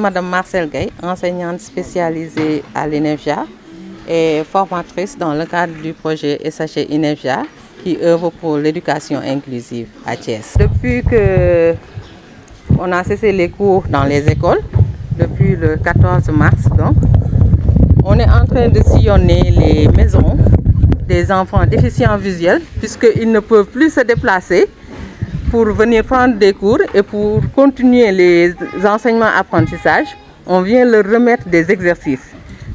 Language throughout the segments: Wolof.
Madame Marcel Gay, enseignante spécialisée à l'INEFJA et formatrice dans le cadre du projet SHE INEFJA qui œuvre pour l'éducation inclusive à Thiès. Depuis que on a cessé les cours dans les écoles, depuis le 14 mars on est en train de sillonner les maisons des enfants déficients visuels puisqu'ils ne peuvent plus se déplacer pour venir prendre des cours et pour continuer les enseignements apprentissages, on vient leur remettre des exercices.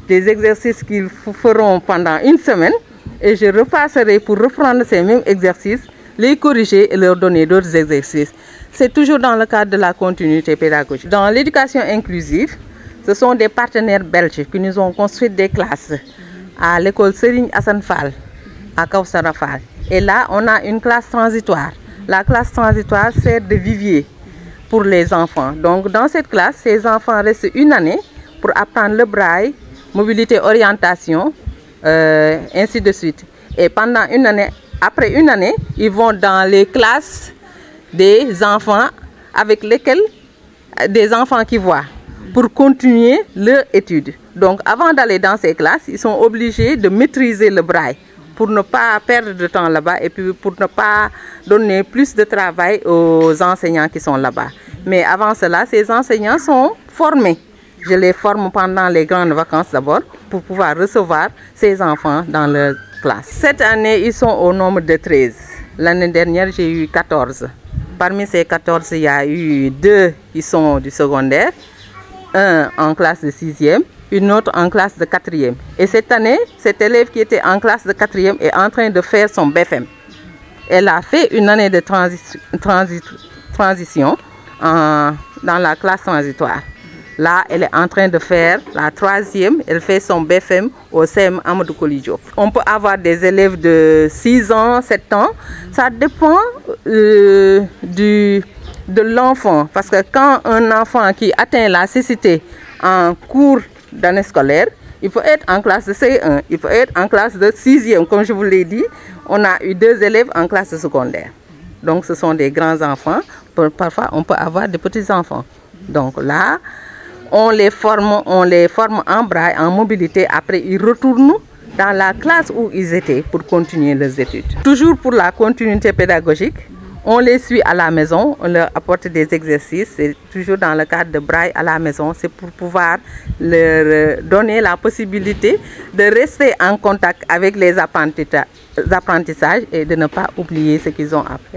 Des exercices qu'ils feront pendant une semaine et je repasserai pour reprendre ces mêmes exercices, les corriger et leur donner d'autres exercices. C'est toujours dans le cadre de la continuité pédagogique. Dans l'éducation inclusive, ce sont des partenaires belges qui nous ont construit des classes à l'école Serigne Hassan à Kausarafal. Et là, La classe transitoire sert de vivier pour les enfants. Donc dans cette classe, ces enfants restent une année pour apprendre le braille, mobilité, orientation, euh, ainsi de suite. Et pendant une année, après une année, ils vont dans les classes des enfants avec lesquels euh, des enfants qui voient pour continuer leur étude. Donc avant d'aller dans ces classes, ils sont obligés de maîtriser le braille pour ne pas perdre de temps là-bas et puis pour ne pas donner plus de travail aux enseignants qui sont là-bas. Mais avant cela, ces enseignants sont formés. Je les forme pendant les grandes vacances d'abord pour pouvoir recevoir ces enfants dans leur classe. Cette année, ils sont au nombre de 13. L'année dernière, j'ai eu 14. Parmi ces 14, il y a eu deux qui sont du secondaire, en classe de 6 une autre en classe de quatrième. Et cette année, cet élève qui était en classe de quatrième est en train de faire son BFM. E elle a fait une année de transi transi transition en, dans la classe transitoire. Là, elle est en train de faire la troisième. Elle fait son BFM e au CM Amadou Kolidjo. On peut avoir des élèves de 6 ans, 7 ans. Ça dépend euh, du, de l'enfant. Parce que quand un enfant qui atteint la cécité en cours d'année scolaire, il faut être en classe de ce il faut être en classe de 6e. Comme je vous l'ai dit, on a eu deux élèves en classe secondaire. Donc ce sont des grands enfants. Parfois, on peut avoir des petits enfants. Donc là, on les forme, on les forme en braille, en mobilité. Après, ils retournent dans la classe où ils étaient pour continuer leurs études. Toujours pour la continuité pédagogique, On les suit à la maison, on leur apporte des exercices, c'est toujours dans le cadre de braille à la maison, c'est pour pouvoir leur euh, donner la possibilité de rester en contact avec les apprentissages et de ne pas oublier ce qu'ils ont appris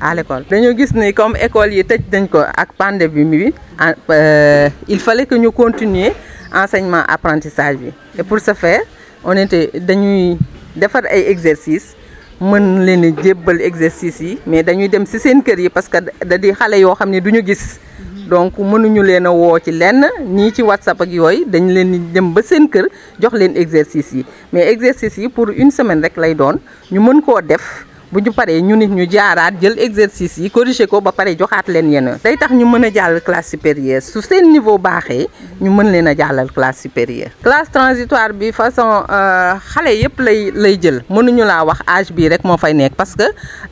à l'école dañoo gis ni comme école yi tëj dañ ko ak pandémie bi euh, il fallait que ñu continuer enseignement apprentissage bi et pour ce faire on était dañuy defar ay exercices mën leen a jébbal exercice yi mais dañuy dem ci seen kër yi parce que da di xale yoo xam ne du ñu gis donc mënuñu leen a woo ci lenn ñii ci whatsapp ak yooyu dañ leen di dem ba seen kër jox leen exercice yi mais exercice yi pour une semaine rek lay doon ñu mën koo def bu ñu paree ñu nit ñu jaaraat jël exercice yi corriger ko ba pare joxaat leen yenn day tax ñu mën a jàll classe supérieure su seen niveau baaxee ñu mën leen a jàllal classe supérieure classe transitoire bi façon euh, xale yëpp lay lay jël mënuñu laa wax âge bii rek moo fay nekk parce que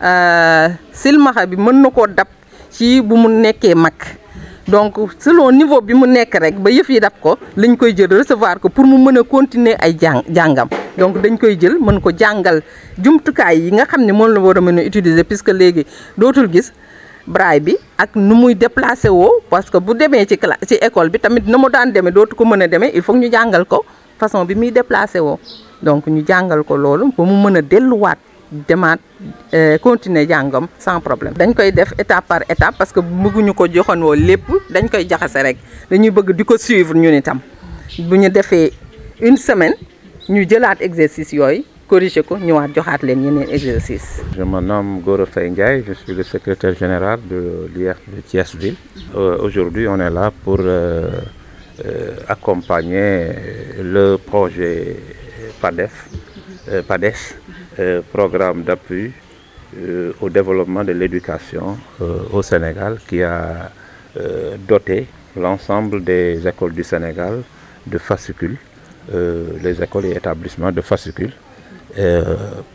euh, silmaxa bi mën na koo dab ci bu mu nekkee mag donc selon niveau bi mu nekk rek ba yëf yi dab ko lañ koy jël recevoir ko pour mu mën a continuer ay jàng jàngam donc dañ koy jël mën ko jàngal jumtukaay yi nga xam ne moom la war a mën a utiliser que léegi dootul gis braille bi ak nu muy déplacé woo parce que bu demee ci classe ci école bi tamit na mu daan demee dootu ko mën a demee il faut ñu jàngal ko façon bi muy déplacé woo donc ñu jàngal ko loolu ba mu mën a delluwaat demaat euh, continuer jàngam sans problème dañ koy def étape par étape parce que bëgguñu ko joxoon woo lépp dañ koy jaxase rek dañuy bëgg di ko suivre ñun itam bu ñu defee une semaine ñu jëlaat exercice yooyu corriger ko ñëwaat joxaat leen yeneen exercice je me nomme Gora Faye Ndiaye je suis le secrétaire général de l'IF de Thiès-Ville euh, aujourd'hui on est là pour euh, euh accompagner le projet PADEF euh, PADES euh, programme d'appui euh, au développement de l'éducation au Sénégal qui a doté l'ensemble des écoles du Sénégal de fascicules Euh, les écoles et établissements de fascicule euh,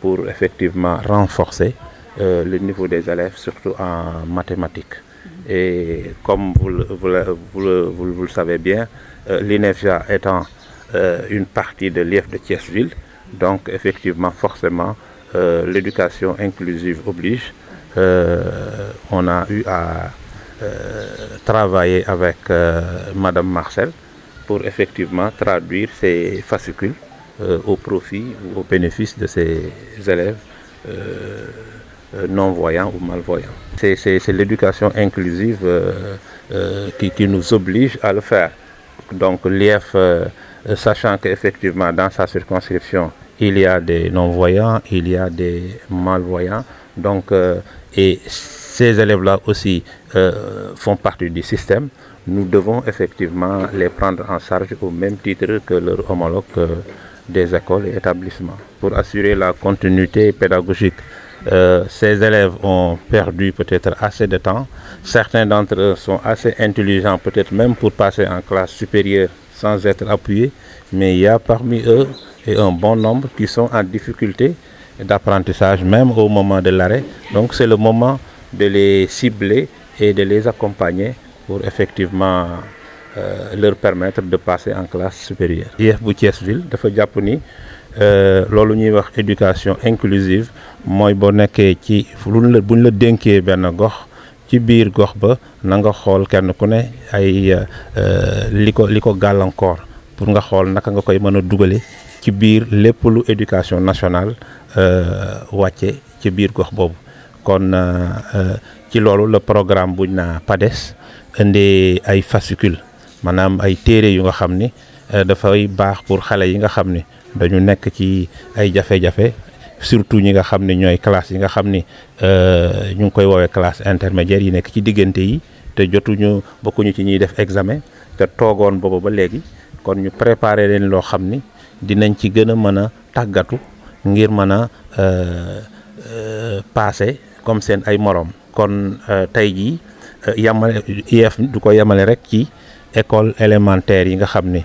pour effectivement renforcer euh, le niveau des élèves, surtout en mathématiques. Et comme vous le, vous le, vous le, vous le savez bien, l'INEFJA étant une partie de l'IEF de Thièsville, donc effectivement, forcément, euh, l'éducation inclusive oblige. Euh, on a eu à euh, travailler avec Madame Marcel pour effectivement traduire ces fascicules euh, au profit ou au bénéfice de ces élèves euh, euh non-voyants ou malvoyants. C'est l'éducation inclusive euh, euh, qui, qui, nous oblige à le faire. Donc l'IF, sachant qu'effectivement dans sa circonscription, il y a des non-voyants, il y a des malvoyants, donc, et ces élèves-là aussi euh, font partie du système, nous devons effectivement les prendre en charge au même titre que leurs homologues euh, des écoles et établissements. Pour assurer la continuité pédagogique, euh, ces élèves ont perdu peut-être assez de temps. Certains d'entre eux sont assez intelligents, peut-être même pour passer en classe supérieure sans être appuyés, mais il y a parmi eux et un bon nombre qui sont en difficulté d'apprentissage même au moment de l'arrêt. Donc c'est le moment de les cibler et de les accompagner pour effectivement euh, leur permettre de passer en classe supérieure. IEF bu Thiès-Ville dafa jàpp ni euh, loolu ñuy wax éducation inclusive mooy boo nekkee ci luñ buñ la dénkee benn gox ci biir gox ba na nga xool kenn ku ne ay euh, euh, li ko li ko gàllankoor pour nga xool naka nga koy mën a dugale ci biir lépp lu éducation nationale wàcce ci biir gox boobu kon. ci loolu la programme buñ naa PADES indee ay fascicule maanaam ay téere yu nga xam ni euh, dafay baax pour xale yi nga xam ni dañu nekk ci ay jafe-jafe surtout ñi nga xam ne ñooy classe yi nga xam ni euh, ñu ngi koy woowee classe intermédiaire yi nekk ci diggante yi te jotuñu bokkuñu ci ñuy def examen te toogoon boobu ba léegi kon ñu préparer leen loo xam ni dinañ ci gën a mën a tàggatu ngir mën a euh, passé comme seen ay moroom kon euh, tey jii euh, yamale IEF du ko yemale rek ci école élémentaire yi nga xam ni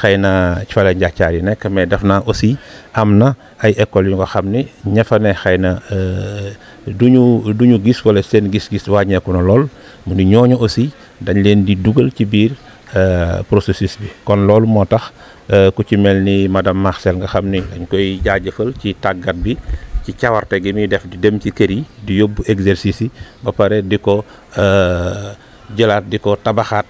xëy na ci fala njàccaar yi nekk mais def naa aussi am na ay école yu nga xam ne ñafane fa xëy na euh, du ñu du gis wala seen gis-gis wàññeeku na lool mu ni ñooñu aussi dañ leen di dugal ci biir processus bi kon loolu moo tax ku ci mel ni madame Marcel nga xam ni dañ koy jaajëfal ci tàggat bi ci cawarte gi muy def di dem ci kër yi di yóbbu exercice yi ba pare di ko euh, jëlaat di ko tabaxaat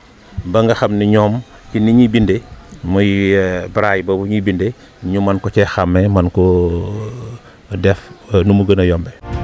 ba nga xam ni ñoom ci ni ñuy bindee muy euh, braille boobu ñuy bindee ñu mën ko cee xàmmee mën ko def euh, nu mu gën a yombe